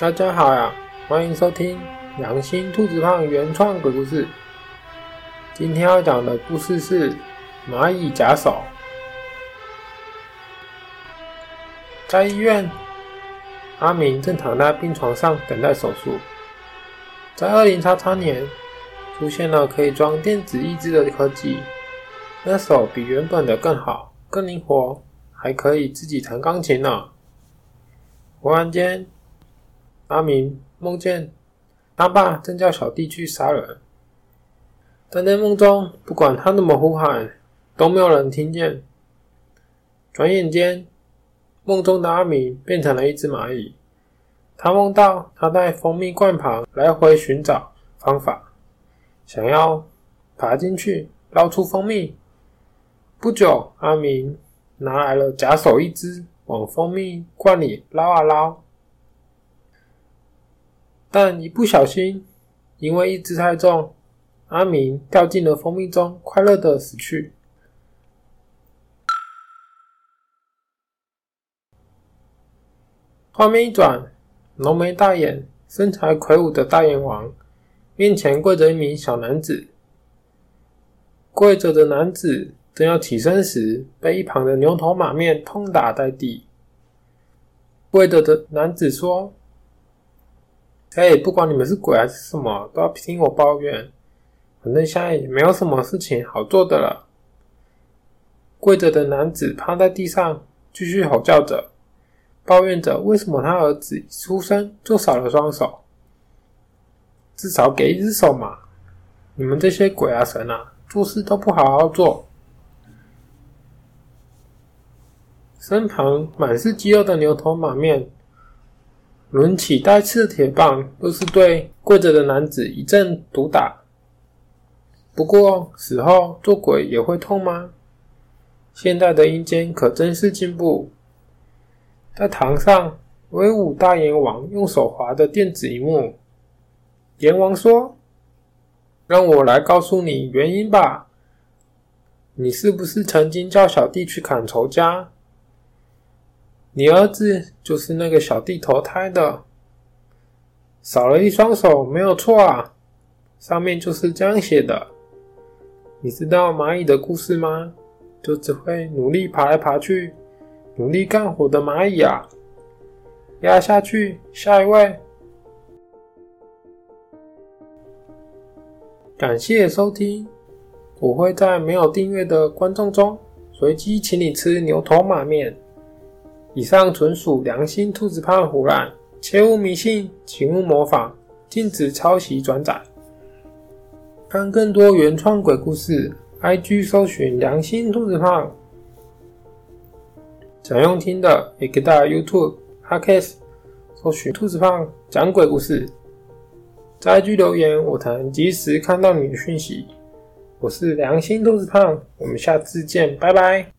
大家好呀，歡迎收聽《良心兔子胖》原創鬼故事。今天要講的故事是《螞蟻假手》。在醫院，阿明正躺在病床上等待手術。在二零叉叉年，出現了可以裝電子義肢的科技，那手比原本的更好、更靈活，還可以自己彈鋼琴呢、啊。忽然間，阿明夢見阿爸正叫小弟去殺人，但在夢中不管他那麼呼喊，都沒有人聽見。轉眼間，夢中的阿明變成了一隻螞蟻。他夢到他在蜂蜜罐旁來回尋找方法，想要爬進去撈出蜂蜜。不久，阿明拿來了假手一隻，往蜂蜜罐裡撈啊撈。但一不小心，因為意志太重，阿明掉進了蜂蜜中，快樂地死去。畫面一轉，濃眉大眼、身材魁梧的大眼王面前跪着一名小男子。跪着的男子正要起身時，被一旁的牛頭馬面痛打在地。跪着的男子說。哎、hey，不管你們是鬼還是什麼，都要聽我抱怨。反正現在也沒有什麼事情好做的了。跪着的男子趴在地上，繼續吼叫着，抱怨着為什麼他兒子一出生就少了雙手。至少給一隻手嘛！你們這些鬼啊神啊，做事都不好好做。身旁滿是肌肉的牛頭馬面。掄起帶刺的鐵棒，都是對跪着的男子一陣毒打。不過死後做鬼也會痛嗎？現代的陰間可真是進步。在堂上，威武大閻王用手滑的電子熒幕。閻王說：“讓我來告訴你原因吧。你是不是曾經叫小弟去砍仇家？”你兒子就是那個小弟投胎的，少了一雙手，沒有錯啊，上面就是這樣寫的。你知道螞蟻的故事嗎？就只會努力爬來爬去，努力幹活的螞蟻啊！壓下去，下一位。感謝收聽，我會在沒有訂閱的觀眾中隨機請你吃牛頭馬面。以上純屬良心兔子胖胡亂，切勿迷信，請勿模仿，禁止抄襲轉載。看更多原創鬼故事，IG 搜尋良心兔子胖。想用聽的，也可以到 YouTube、podcast 搜尋兔子胖講鬼故事。在 IG 留言，我才能及時看到你的訊息。我是良心兔子胖，我們下次見，拜拜。